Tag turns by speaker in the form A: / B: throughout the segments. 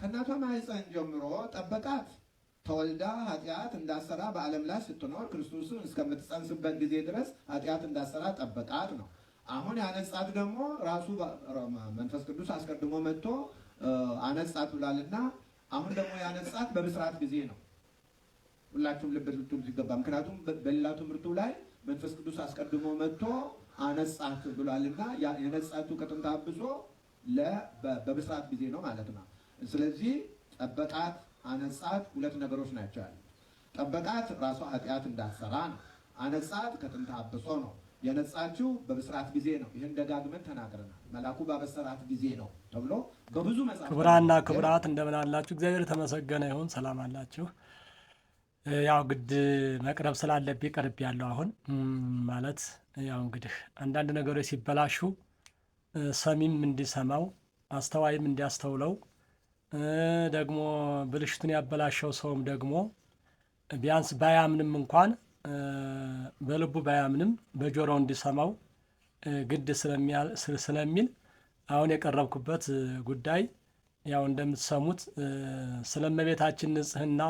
A: ከእናቷ ማህፀን ጀምሮ ጠበቃት። ተወልዳ ኃጢአት እንዳሰራ በዓለም ላይ ስትኖር ክርስቶስን እስከምትጸንስበት ጊዜ ድረስ ኃጢአት እንዳሰራ ጠበቃት ነው። አሁን ያነጻት ደግሞ ራሱ መንፈስ ቅዱስ አስቀድሞ መጥቶ አነጻት ብሏልና አሁን ደግሞ ያነጻት በብስራት ጊዜ ነው። ሁላችሁም ልብ ልትሉ ይገባ። ምክንያቱም በሌላ ትምህርቱ ላይ መንፈስ ቅዱስ አስቀድሞ መጥቶ አነጻት ብሏልና የነጻቱ ከጥንት አብሶ በብስራት ጊዜ ነው ማለት ነው። ስለዚህ ጠበቃት፣ አነጻት ሁለት ነገሮች ናቸው ያለ ጠበቃት ራሷ ኃጢአት እንዳትሰራ ነው። አነጻት ከጥንት አብሶ ነው የነጻችው በብስራት ጊዜ ነው። ይህን ደጋግመን ተናግረናል። መላኩ ባበሰራት ጊዜ ነው ተብሎ በብዙ መጽሐፍ።
B: ክቡራና ክቡራት እንደምን አላችሁ? እግዚአብሔር የተመሰገነ ይሁን። ሰላም አላችሁ? ያው ግድ መቅረብ ስላለብኝ ቀርብ ያለው አሁን ማለት ያው እንግዲህ አንዳንድ ነገሮች ሲበላሹ ሰሚም እንዲሰማው አስተዋይም እንዲያስተውለው ደግሞ ብልሽቱን ያበላሸው ሰውም ደግሞ ቢያንስ ባያምንም እንኳን በልቡ ባያምንም በጆሮው እንዲሰማው ግድ ስለሚል አሁን የቀረብኩበት ጉዳይ ያው እንደምትሰሙት ስለ እመቤታችን ንጽህና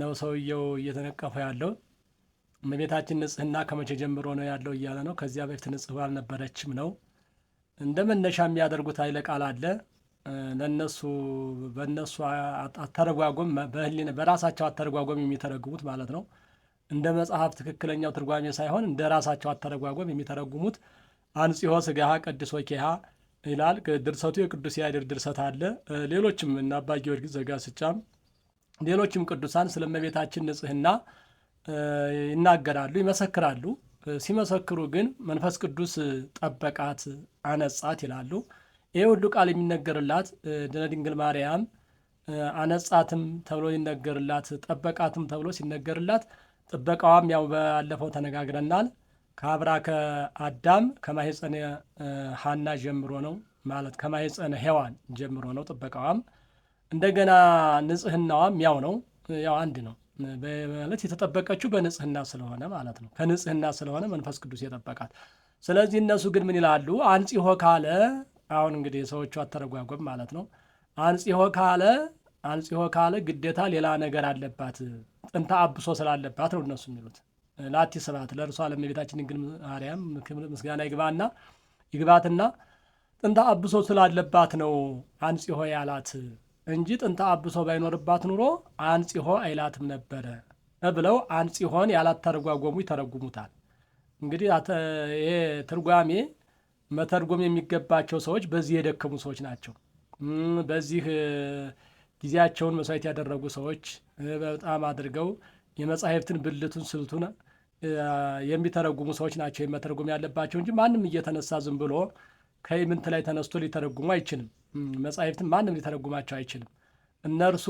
B: ነው ሰውየው እየተነቀፈ ያለው። እመቤታችን ንጽህና ከመቼ ጀምሮ ነው ያለው እያለ ነው። ከዚያ በፊት ንጽህ አልነበረችም ነው እንደ መነሻ የሚያደርጉት አይለቃል ቃል አለ። ለነሱ በነሱ አተረጓጎም በህሊና በራሳቸው አተረጓጎም የሚተረጉሙት ማለት ነው። እንደ መጽሐፍ ትክክለኛው ትርጓሜ ሳይሆን እንደ ራሳቸው አተረጓጎም የሚተረጉሙት አንጽሖ ስጋሃ ቀድሶ ኬሃ ይላል። ድርሰቱ የቅዱስ ያሬድ ድርሰት አለ። ሌሎችም እና አባ ጊዮርጊስ ዘጋስጫም ሌሎችም ቅዱሳን ስለ እመቤታችን ንጽህና ይናገራሉ፣ ይመሰክራሉ። ሲመሰክሩ ግን መንፈስ ቅዱስ ጠበቃት፣ አነጻት ይላሉ። ይህ ሁሉ ቃል የሚነገርላት ድነ ድንግል ማርያም አነጻትም ተብሎ ይነገርላት፣ ጠበቃትም ተብሎ ሲነገርላት ጥበቃዋም ያው ባለፈው ተነጋግረናል ከአብራከ አዳም ከማህፀነ ሀና ጀምሮ ነው ማለት ከማህፀነ ሔዋን ጀምሮ ነው። ጥበቃዋም እንደገና ንጽህናዋም ያው ነው ያው አንድ ነው ማለት የተጠበቀችው በንጽህና ስለሆነ ማለት ነው። ከንጽህና ስለሆነ መንፈስ ቅዱስ የጠበቃት። ስለዚህ እነሱ ግን ምን ይላሉ? አንጽሆ ካለ አሁን እንግዲህ ሰዎቹ አተረጓጎም ማለት ነው። አንጽሆ ካለ አንጽሆ ካለ ግዴታ ሌላ ነገር አለባት ጥንታ አብሶ ስላለባት ነው እነሱ የሚሉት ላቲ ስብሐት ለእርሷ ለእመቤታችን ድንግል ማርያም ምስጋና ይግባና ይግባትና ጥንታ አብሶ ስላለባት ነው አንጽሆ ያላት እንጂ ጥንታ አብሶ ባይኖርባት ኑሮ አንጽሆ አይላትም ነበረ ብለው አንጽሆን ያላት ተረጓጎሙ ይተረጉሙታል። እንግዲህ ይሄ ትርጓሜ መተርጎም የሚገባቸው ሰዎች በዚህ የደከሙ ሰዎች ናቸው። በዚህ ጊዜያቸውን መስዋዕት ያደረጉ ሰዎች በጣም አድርገው የመጻሕፍትን ብልቱን ስልቱን የሚተረጉሙ ሰዎች ናቸው መተርጎም ያለባቸው እንጂ ማንም እየተነሳ ዝም ብሎ ከምንት ላይ ተነስቶ ሊተረጉሙ አይችልም። መጻሕፍትን ማንም ሊተረጉማቸው አይችልም። እነርሱ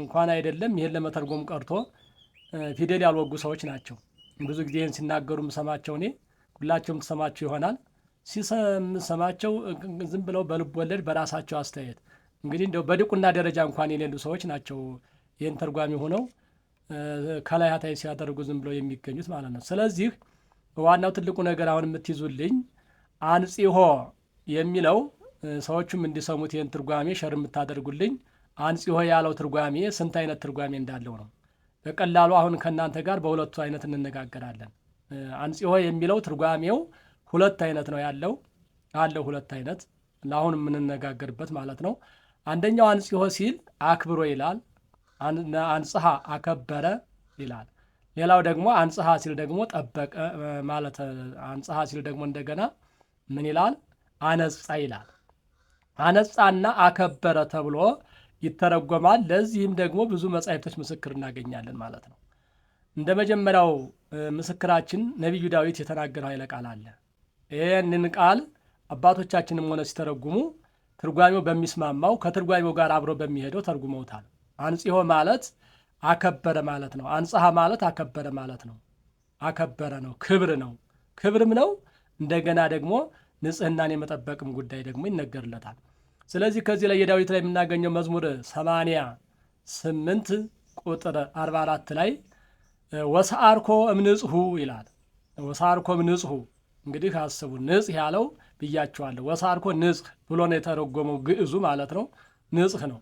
B: እንኳን አይደለም ይህን ለመተርጎም ቀርቶ ፊደል ያልወጉ ሰዎች ናቸው። ብዙ ጊዜ ይህን ሲናገሩ ምሰማቸው እኔ፣ ሁላቸውም ትሰማችሁ ይሆናል። ሲሰማቸው ዝም ብለው በልብ ወለድ በራሳቸው አስተያየት እንግዲህ እንደው በድቁና ደረጃ እንኳን የሌሉ ሰዎች ናቸው ይህን ተርጓሚ ሆነው ከላይ ሀታይ ሲያደርጉ ዝም ብለው የሚገኙት ማለት ነው። ስለዚህ ዋናው ትልቁ ነገር አሁን የምትይዙልኝ አንጽሆ የሚለው ሰዎቹም እንዲሰሙት ይህን ትርጓሜ ሸር የምታደርጉልኝ አንጽሆ ያለው ትርጓሜ ስንት አይነት ትርጓሜ እንዳለው ነው። በቀላሉ አሁን ከእናንተ ጋር በሁለቱ አይነት እንነጋገራለን። አንጽሆ የሚለው ትርጓሜው ሁለት አይነት ነው ያለው አለው ሁለት አይነት እና አሁን የምንነጋገርበት ማለት ነው። አንደኛው አንጽሖ ሲል አክብሮ ይላል። አንጽሐ አከበረ ይላል። ሌላው ደግሞ አንጽሐ ሲል ደግሞ ጠበቀ ማለት አንጽሐ ሲል ደግሞ እንደገና ምን ይላል? አነጻ ይላል። አነጻና አከበረ ተብሎ ይተረጎማል። ለዚህም ደግሞ ብዙ መጻሕፍቶች ምስክር እናገኛለን ማለት ነው። እንደ መጀመሪያው ምስክራችን ነቢዩ ዳዊት የተናገረው ኃይለ ቃል አለ ይህንን ቃል አባቶቻችንም ሆነ ሲተረጉሙ ትርጓሜው በሚስማማው ከትርጓሜው ጋር አብሮ በሚሄደው ተርጉመውታል። አንጽሖ ማለት አከበረ ማለት ነው። አንጽሐ ማለት አከበረ ማለት ነው። አከበረ ነው፣ ክብር ነው፣ ክብርም ነው። እንደገና ደግሞ ንጽህናን የመጠበቅም ጉዳይ ደግሞ ይነገርለታል። ስለዚህ ከዚህ ላይ የዳዊት ላይ የምናገኘው መዝሙር ሰማንያ 8 ቁጥር 44 ላይ ወሰአርኮ እምንጽሁ ይላል። ወሰአርኮ እምንጽሁ እንግዲህ አስቡ ንጽህ ያለው ብያችኋለሁ። ወሳርኮ ንጽህ ብሎ ነው የተረጎመው ግዕዙ ማለት ነው። ንጽህ ነው።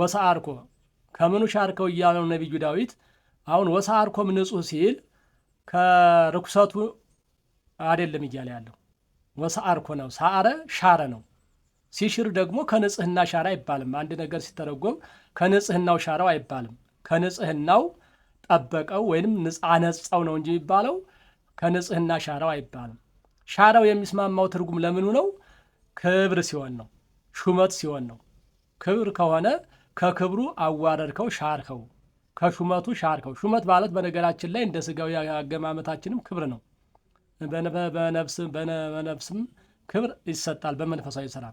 B: ወሳርኮ ከምኑ ሻርከው እያለው ነቢዩ ዳዊት አሁን ወሳርኮም ንጹህ ሲል ከርኩሰቱ አይደለም እያለ ያለው ወሳአርኮ ነው። ሳአረ ሻረ ነው። ሲሽር ደግሞ ከንጽህና ሻረ አይባልም። አንድ ነገር ሲተረጎም ከንጽህናው ሻረው አይባልም። ከንጽህናው ጠበቀው ወይንም ንጻ ነጻው ነው እንጂ የሚባለው ከንጽህና ሻረው አይባልም። ሻራው የሚስማማው ትርጉም ለምኑ ነው? ክብር ሲሆን ነው፣ ሹመት ሲሆን ነው። ክብር ከሆነ ከክብሩ አዋረድከው፣ ሻርከው፣ ከሹመቱ ሻርከው። ሹመት ማለት በነገራችን ላይ እንደ ስጋዊ አገማመታችንም ክብር ነው። በነፍስም ክብር ይሰጣል፣ በመንፈሳዊ ስራ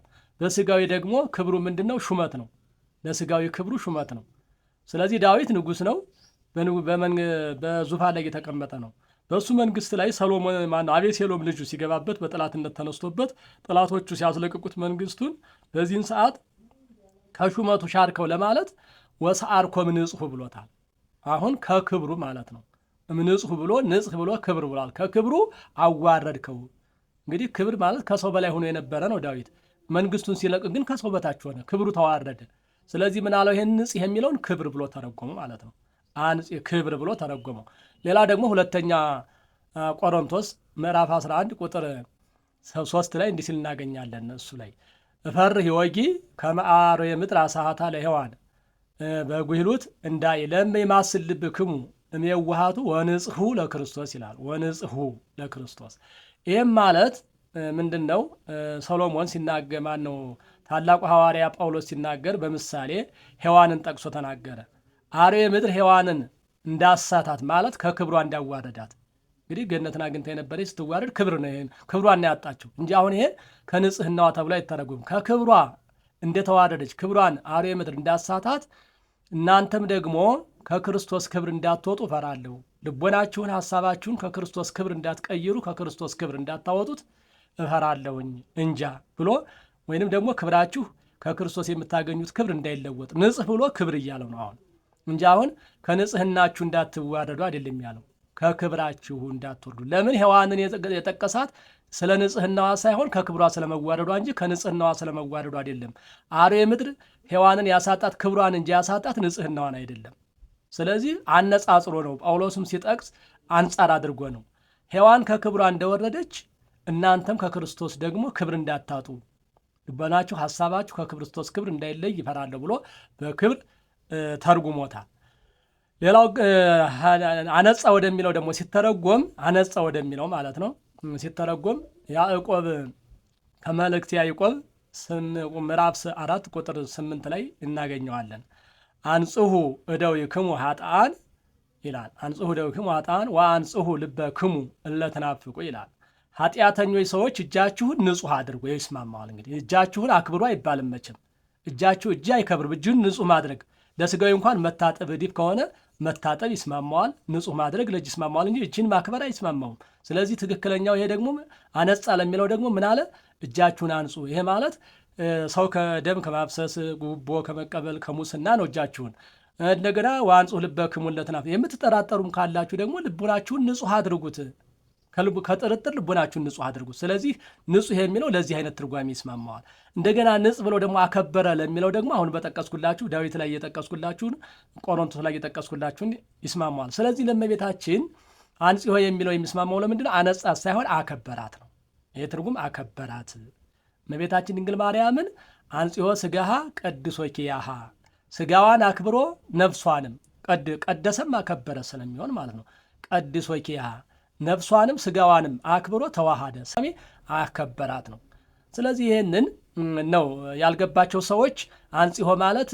B: በስጋዊ ደግሞ ክብሩ ምንድን ነው? ሹመት ነው። ለስጋዊ ክብሩ ሹመት ነው። ስለዚህ ዳዊት ንጉሥ ነው፣ በዙፋን ላይ የተቀመጠ ነው። በእሱ መንግስት ላይ ሰሎሞን ማነው አቤሴሎም ልጁ ሲገባበት በጠላትነት ተነስቶበት ጠላቶቹ ሲያስለቅቁት መንግስቱን በዚህን ሰዓት ከሹመቱ ሻርከው ለማለት ወሰአርኮ ምንጽሁ ብሎታል። አሁን ከክብሩ ማለት ነው። ምንጽሁ ብሎ ንጽህ ብሎ ክብር ብሏል። ከክብሩ አዋረድከው። እንግዲህ ክብር ማለት ከሰው በላይ ሆኖ የነበረ ነው። ዳዊት መንግስቱን ሲለቅ ግን ከሰው በታች ሆነ፣ ክብሩ ተዋረደ። ስለዚህ ምናለው ይህን ንጽህ የሚለውን ክብር ብሎ ተረጎመ ማለት ነው። አንጽ ክብር ብሎ ተረጎመው። ሌላ ደግሞ ሁለተኛ ቆሮንቶስ ምዕራፍ 11 ቁጥር ሶስት ላይ እንዲህ ሲል እናገኛለን። እሱ ላይ እፈር ዮጊ ከመአሮ የምጥር አሳሃታ ለሔዋን በጉሂሉት እንዳይ ለም የማስል ልብ ክሙ እሜዋሃቱ ወንጽሁ ለክርስቶስ ይላል። ወንጽሁ ለክርስቶስ ይህም ማለት ምንድን ነው? ሶሎሞን ሲናገ ማን ነው? ታላቁ ሐዋርያ ጳውሎስ ሲናገር በምሳሌ ሔዋንን ጠቅሶ ተናገረ። አርዌ ምድር ሔዋንን እንዳሳታት ማለት ከክብሯ እንዳዋረዳት እንግዲህ ገነትን አግኝታ የነበረች ስትዋረድ ክብር ነው ክብሯ ያጣችው እንጂ አሁን ይሄ ከንጽህናዋ ተብሎ አይተረጉም። ከክብሯ እንደተዋረደች ክብሯን አርዌ ምድር እንዳሳታት እናንተም ደግሞ ከክርስቶስ ክብር እንዳትወጡ እፈራለሁ። ልቦናችሁን፣ ሐሳባችሁን ከክርስቶስ ክብር እንዳትቀይሩ ከክርስቶስ ክብር እንዳታወጡት እፈራለሁኝ እንጃ ብሎ ወይንም ደግሞ ክብራችሁ ከክርስቶስ የምታገኙት ክብር እንዳይለወጥ ንጽህ ብሎ ክብር እያለው ነው አሁን እንጂ አሁን ከንጽህናችሁ እንዳትዋረዱ አይደለም ያለው፣ ከክብራችሁ እንዳትወርዱ። ለምን ሔዋንን የጠቀሳት ስለ ንጽህናዋ ሳይሆን ከክብሯ ስለመዋረዷ እንጂ ከንጽህናዋ ስለመዋረዷ አይደለም። አርዌ ምድር ሔዋንን ያሳጣት ክብሯን እንጂ ያሳጣት ንጽህናዋን አይደለም። ስለዚህ አነጻጽሮ ነው ጳውሎስም ሲጠቅስ አንጻር አድርጎ ነው። ሔዋን ከክብሯ እንደወረደች እናንተም ከክርስቶስ ደግሞ ክብር እንዳታጡ ልበናችሁ፣ ሀሳባችሁ ከክርስቶስ ክብር እንዳይለይ ይፈራለሁ ብሎ በክብር ተርጉሞታል። ሌላው አነጻ ወደሚለው ደግሞ ሲተረጎም አነጻ ወደሚለው ማለት ነው ሲተረጎም ያዕቆብ ከመልእክት ያዕቆብ ምዕራፍ አራት ቁጥር ስምንት ላይ እናገኘዋለን። አንጽሁ እደው ክሙ ሀጣን ይላል። አንጽሁ እደው ክሙ ሀጣን ወአንጽሁ ክሙ እለትናፍቁ ይላል። ኃጢአተኞች ሰዎች እጃችሁን ንጹሕ አድርጉ። ይስማማዋል እንግዲህ እጃችሁን አክብሩ አይባልም መቼም እጃችሁ እጅ አይከብርም። እጅን ንጹሕ ማድረግ ለስጋዊ እንኳን መታጠብ እዲብ ከሆነ መታጠብ ይስማማዋል፣ ንጹህ ማድረግ ለእጅ ይስማማዋል እንጂ እጅን ማክበር አይስማማውም። ስለዚህ ትክክለኛው ይሄ ደግሞ አነጻ ለሚለው ደግሞ ምን አለ? እጃችሁን አንጹ። ይሄ ማለት ሰው ከደም ከማብሰስ ጉቦ ከመቀበል ከሙስና ነው እጃችሁን እንደገና ዋንጹ ልበክሙን ለትናፍ የምትጠራጠሩም ካላችሁ ደግሞ ልቡናችሁን ንጹህ አድርጉት። ከጥርጥር ልቦናችሁን ንጹሕ አድርጉ። ስለዚህ ንጹሕ የሚለው ለዚህ አይነት ትርጓሜ ይስማማዋል። እንደገና ንጽ ብሎ ደግሞ አከበረ ለሚለው ደግሞ አሁን በጠቀስኩላችሁ ዳዊት ላይ እየጠቀስኩላችሁን ቆሮንቶስ ላይ እየጠቀስኩላችሁን ይስማማዋል። ስለዚህ ለመቤታችን አንጽሆ የሚለው የሚስማማው ለምንድን ነው? ሳይሆን አከበራት ነው። ይህ ትርጉም አከበራት። እመቤታችን ድንግል ማርያምን አንጽሆ ስጋሃ ቀድሶ ኪያሃ ስጋዋን አክብሮ ነፍሷንም ቀደሰም አከበረ ስለሚሆን ማለት ነው። ቀድሶ ኪያሃ ነፍሷንም ስጋዋንም አክብሮ ተዋሃደ ሰሜ አከበራት ነው። ስለዚህ ይህንን ነው ያልገባቸው ሰዎች አንጽሆ ማለት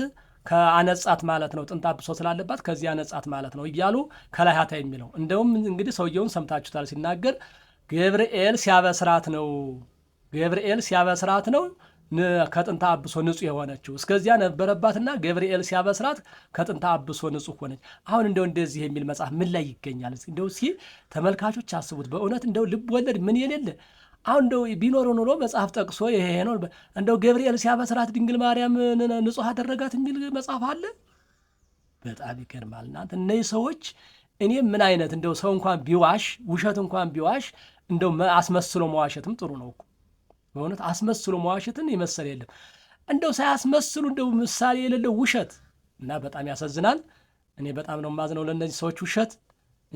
B: ከአነጻት ማለት ነው። ጥንተ አብሶ ስላለባት ከዚህ አነጻት ማለት ነው እያሉ ከላያታ የሚለው እንደውም እንግዲህ ሰውየውን ሰምታችሁታል ሲናገር ገብርኤል ሲያበስራት ነው ገብርኤል ሲያበስራት ነው ከጥንታ አብሶ ንጹህ የሆነችው እስከዚያ ነበረባትና ገብርኤል ሲያበስራት ከጥንታ አብሶ ንጹህ ሆነች። አሁን እንደው እንደዚህ የሚል መጽሐፍ ምን ላይ ይገኛል? እንደው ሲ ተመልካቾች አስቡት። በእውነት እንደው ልብ ወለድ ምን የሌለ አሁን እንደው ቢኖር ኑሮ መጽሐፍ ጠቅሶ ይሄ ነው እንደው ገብርኤል ሲያበስራት ድንግል ማርያም ንጹህ አደረጋት የሚል መጽሐፍ አለ? በጣም ይገርማል። እናንተ እነዚህ ሰዎች እኔ ምን አይነት እንደው ሰው እንኳን ቢዋሽ ውሸት እንኳን ቢዋሽ እንደው አስመስሎ መዋሸትም ጥሩ ነው እኮ በእውነት አስመስሎ መዋሸትን የመሰለ የለም። እንደው ሳያስመስሉ እንደው ምሳሌ የሌለው ውሸት እና በጣም ያሳዝናል። እኔ በጣም ነው የማዝነው ለእነዚህ ሰዎች ውሸት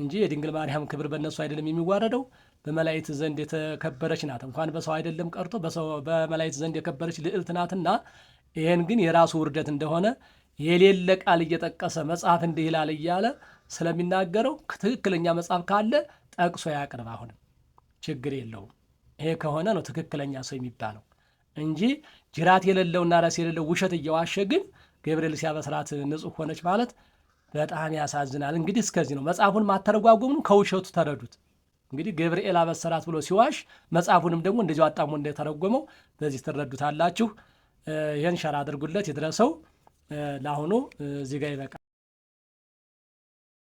B: እንጂ የድንግል ማርያም ክብር በእነሱ አይደለም የሚዋረደው በመላእክት ዘንድ የተከበረች ናት። እንኳን በሰው አይደለም ቀርቶ በመላእክት ዘንድ የከበረች ልዕልት ናትና ይህን ግን የራሱ ውርደት እንደሆነ የሌለ ቃል እየጠቀሰ መጽሐፍ እንዲህ ይላል እያለ ስለሚናገረው ትክክለኛ መጽሐፍ ካለ ጠቅሶ ያቅርብ። አሁንም ችግር የለውም። ይሄ ከሆነ ነው ትክክለኛ ሰው የሚባለው እንጂ ጅራት የሌለውና ራስ የሌለው ውሸት እየዋሸ ግን ገብርኤል ሲያበስራት ንጹህ ሆነች ማለት በጣም ያሳዝናል። እንግዲህ እስከዚህ ነው። መጽሐፉን ማተረጓጎሙ ከውሸቱ ተረዱት። እንግዲህ ገብርኤል አበሰራት ብሎ ሲዋሽ መጽሐፉንም ደግሞ እንደዚ አጣሙ እንደተረጎመው በዚህ ትረዱታላችሁ። ይህን ሸራ አድርጉለት ይድረሰው። ለአሁኑ እዚህ ጋር ይበቃል።